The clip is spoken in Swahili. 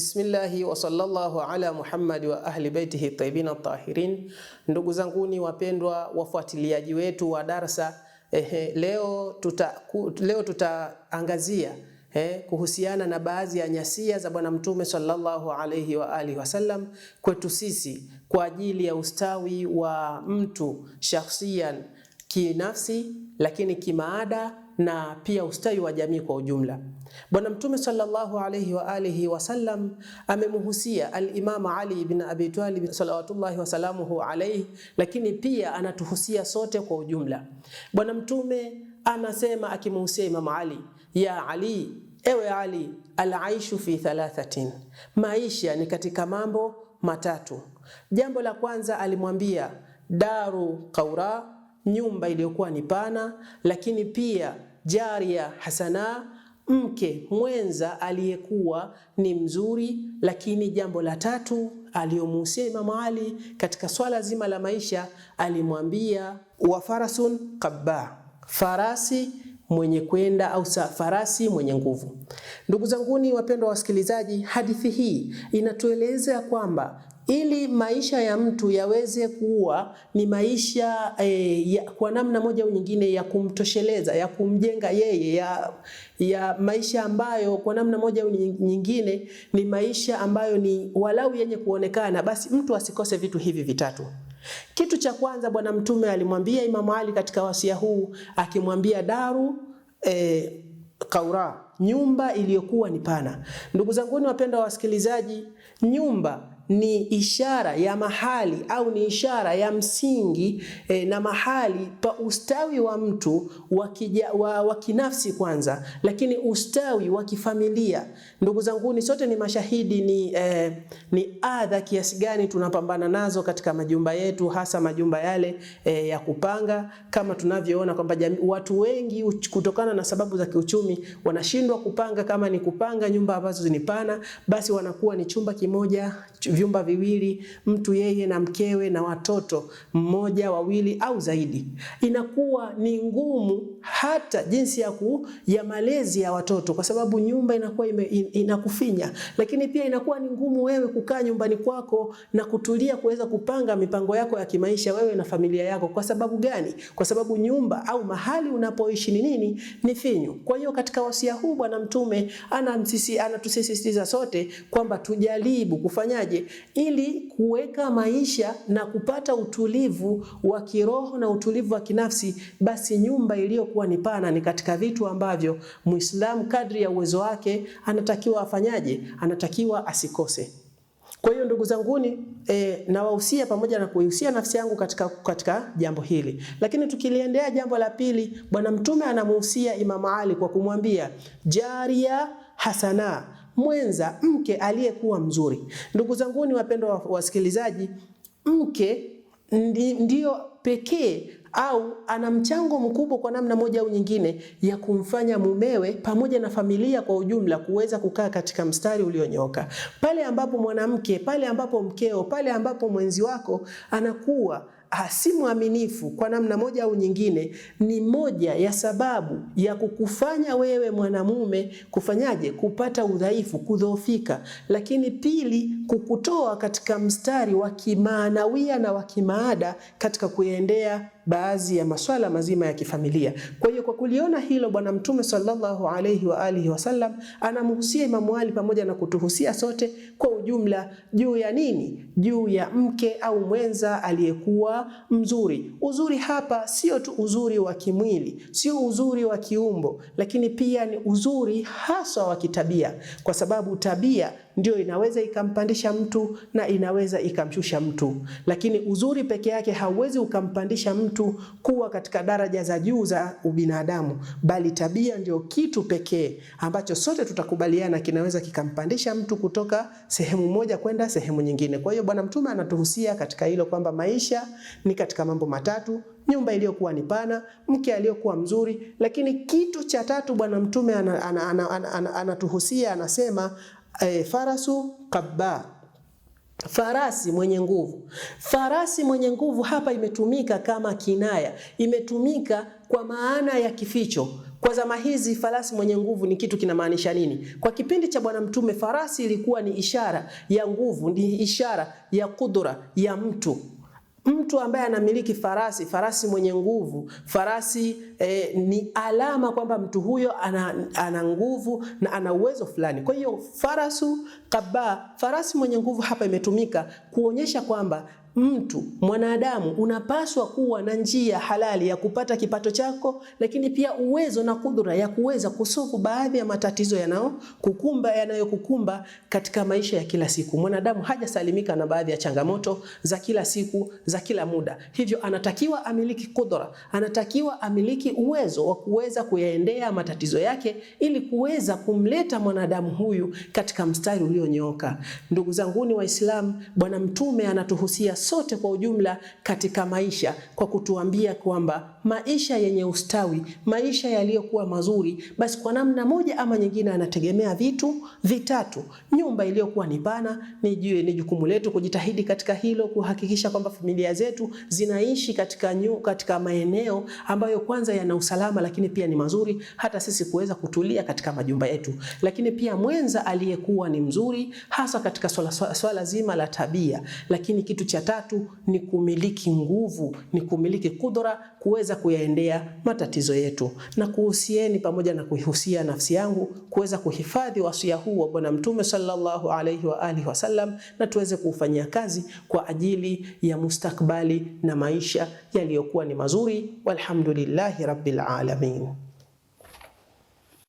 Bismillahi wa sallallahu ala Muhammad wa ahli baitihi tayyibin tahirin. Ndugu zanguni wapendwa, wafuatiliaji wetu wa darsa eh, leo tuta, leo tutaangazia eh, kuhusiana na baadhi ya nyasia za Bwana Mtume sallallahu alayhi wa alihi wasallam kwetu sisi kwa ajili ya ustawi wa mtu shakhsian, kinafsi, lakini kimaada na pia ustawi wa jamii kwa ujumla. Bwana Mtume sallallahu alayhi wa alihi wasallam amemuhusia al-Imam Ali ibn Abi Talib salawatullahi wasalamuhu alayhi, lakini pia anatuhusia sote kwa ujumla. Bwana Mtume anasema akimhusia Imam Ali, ya Ali, ewe Ali, al-aishu fi thalathatin, maisha ni katika mambo matatu. Jambo la kwanza alimwambia daru qaura, nyumba iliyokuwa ni pana, lakini pia jaria hasana, mke mwenza aliyekuwa ni mzuri. Lakini jambo la tatu aliyomuhusia Imamu Ali katika swala zima la maisha, alimwambia wa farasun qabba, farasi mwenye kwenda au farasi mwenye nguvu. Ndugu zanguni wapendwa wasikilizaji, hadithi hii inatueleza kwamba ili maisha ya mtu yaweze kuwa ni maisha eh, ya, kwa namna moja au nyingine ya kumtosheleza ya kumjenga yeye ya, ya maisha ambayo kwa namna moja au nyingine ni maisha ambayo ni walau yenye kuonekana, basi mtu asikose vitu hivi vitatu. Kitu cha kwanza, Bwana Mtume alimwambia Imam Ali katika wasia huu akimwambia daru eh, kaura, nyumba iliyokuwa ni pana. Ndugu zanguni wapenda wasikilizaji, nyumba ni ishara ya mahali au ni ishara ya msingi e, na mahali pa ustawi wa mtu wa kinafsi kwanza, lakini ustawi wa kifamilia. Ndugu zanguni, sote ni mashahidi ni, e, ni adha kiasi gani tunapambana nazo katika majumba yetu, hasa majumba yale e, ya kupanga, kama tunavyoona kwamba watu wengi kutokana na sababu za kiuchumi wanashindwa kupanga. Kama ni kupanga nyumba ambazo zinipana, basi wanakuwa ni chumba kimoja vyumba viwili, mtu yeye na mkewe na watoto mmoja, wawili au zaidi, inakuwa ni ngumu hata jinsi ya, ku, ya malezi ya watoto, kwa sababu nyumba inakuwa ime, in, inakufinya. Lakini pia inakuwa ni ngumu wewe kukaa nyumbani kwako na kutulia kuweza kupanga mipango yako ya kimaisha wewe na familia yako. Kwa sababu gani? Kwa sababu nyumba au mahali unapoishi ni nini? Ni finyu. Kwa hiyo katika wasia huu Bwana Mtume anatusisitiza ana sote kwamba tujaribu kufanyaje ili kuweka maisha na kupata utulivu wa kiroho na utulivu wa kinafsi, basi nyumba iliyokuwa ni pana ni katika vitu ambavyo Muislamu kadri ya uwezo wake anatakiwa afanyaje? Anatakiwa asikose. Kwa hiyo ndugu zanguni, e, nawahusia pamoja na kuihusia nafsi yangu katika, katika jambo hili. Lakini tukiliendea jambo la pili, Bwana Mtume anamuhusia Imam Ali kwa kumwambia jaria hasana mwenza, mke aliyekuwa mzuri. Ndugu zanguni wapendwa wasikilizaji, mke ndi, ndiyo pekee au ana mchango mkubwa kwa namna moja au nyingine ya kumfanya mumewe pamoja na familia kwa ujumla kuweza kukaa katika mstari ulionyoka. Pale ambapo mwanamke, pale ambapo mkeo, pale ambapo mwenzi wako anakuwa Ah, si mwaminifu kwa namna moja au nyingine, ni moja ya sababu ya kukufanya wewe mwanamume kufanyaje, kupata udhaifu, kudhoofika. Lakini pili kukutoa katika mstari wa kimaanawia na wa kimaada katika kuendea baadhi ya maswala mazima ya kifamilia. Kwa hiyo kwa kuliona hilo, Bwana Mtume sallallahu alayhi wa alihi wasallam anamhusia Imamu Ali pamoja na kutuhusia sote kwa ujumla juu ya nini? Juu ya mke au mwenza aliyekuwa mzuri. Uzuri hapa sio tu uzuri wa kimwili, sio uzuri wa kiumbo, lakini pia ni uzuri haswa wa kitabia, kwa sababu tabia ndio inaweza ikampandisha mtu na inaweza ikamshusha mtu, lakini uzuri peke yake hauwezi ukampandisha mtu kuwa katika daraja za juu za ubinadamu, bali tabia ndio kitu pekee ambacho sote tutakubaliana kinaweza kikampandisha mtu kutoka sehemu moja kwenda sehemu nyingine. Kwa hiyo Bwana Mtume anatuhusia katika hilo kwamba maisha ni katika mambo matatu: nyumba iliyokuwa ni pana, mke aliyokuwa mzuri, lakini kitu cha tatu Bwana Mtume anatuhusia, anasema e, farasu qabba, farasi mwenye nguvu. Farasi mwenye nguvu hapa imetumika kama kinaya, imetumika kwa maana ya kificho. Kwa zama hizi farasi mwenye nguvu ni kitu kinamaanisha nini? Kwa kipindi cha Bwana Mtume farasi ilikuwa ni ishara ya nguvu, ni ishara ya kudura ya mtu mtu ambaye anamiliki farasi, farasi mwenye nguvu, farasi eh, ni alama kwamba mtu huyo ana, ana nguvu na ana uwezo fulani. Kwa hiyo farasu kaba, farasi mwenye nguvu, hapa imetumika kuonyesha kwamba mtu mwanadamu unapaswa kuwa na njia halali ya kupata kipato chako, lakini pia uwezo na kudura ya kuweza kusofu baadhi ya matatizo yanayokukumba yanayokukumba katika maisha ya kila siku. Mwanadamu hajasalimika na baadhi ya changamoto za kila siku za kila muda, hivyo anatakiwa amiliki kudura, anatakiwa amiliki hiki uwezo wa kuweza kuyaendea matatizo yake ili kuweza kumleta mwanadamu huyu katika mstari ulionyooka. Ndugu zanguni Waislamu, Bwana Mtume anatuhusia sote kwa ujumla katika maisha kwa kutuambia kwamba maisha yenye ustawi, maisha yaliyokuwa mazuri, basi kwa namna moja ama nyingine anategemea vitu vitatu. Nyumba iliyokuwa ni pana, ni jukumu letu kujitahidi katika hilo, kuhakikisha kwamba familia zetu zinaishi katika, katika maeneo ambayo kwanza yana usalama, lakini pia ni mazuri hata sisi kuweza kutulia katika majumba yetu. Lakini pia mwenza aliyekuwa ni mzuri hasa katika swala, swala zima la tabia. Lakini kitu cha tatu ni kumiliki nguvu, ni kumiliki kudura kuweza kuyaendea matatizo yetu. Na kuhusieni pamoja na kuihusia nafsi yangu kuweza kuhifadhi wasia huu wa Bwana Mtume sallallahu alaihi wa alihi wasallam na tuweze kuufanyia kazi kwa ajili ya mustakbali na maisha yaliyokuwa ni mazuri. Walhamdulillahi. رب العالمين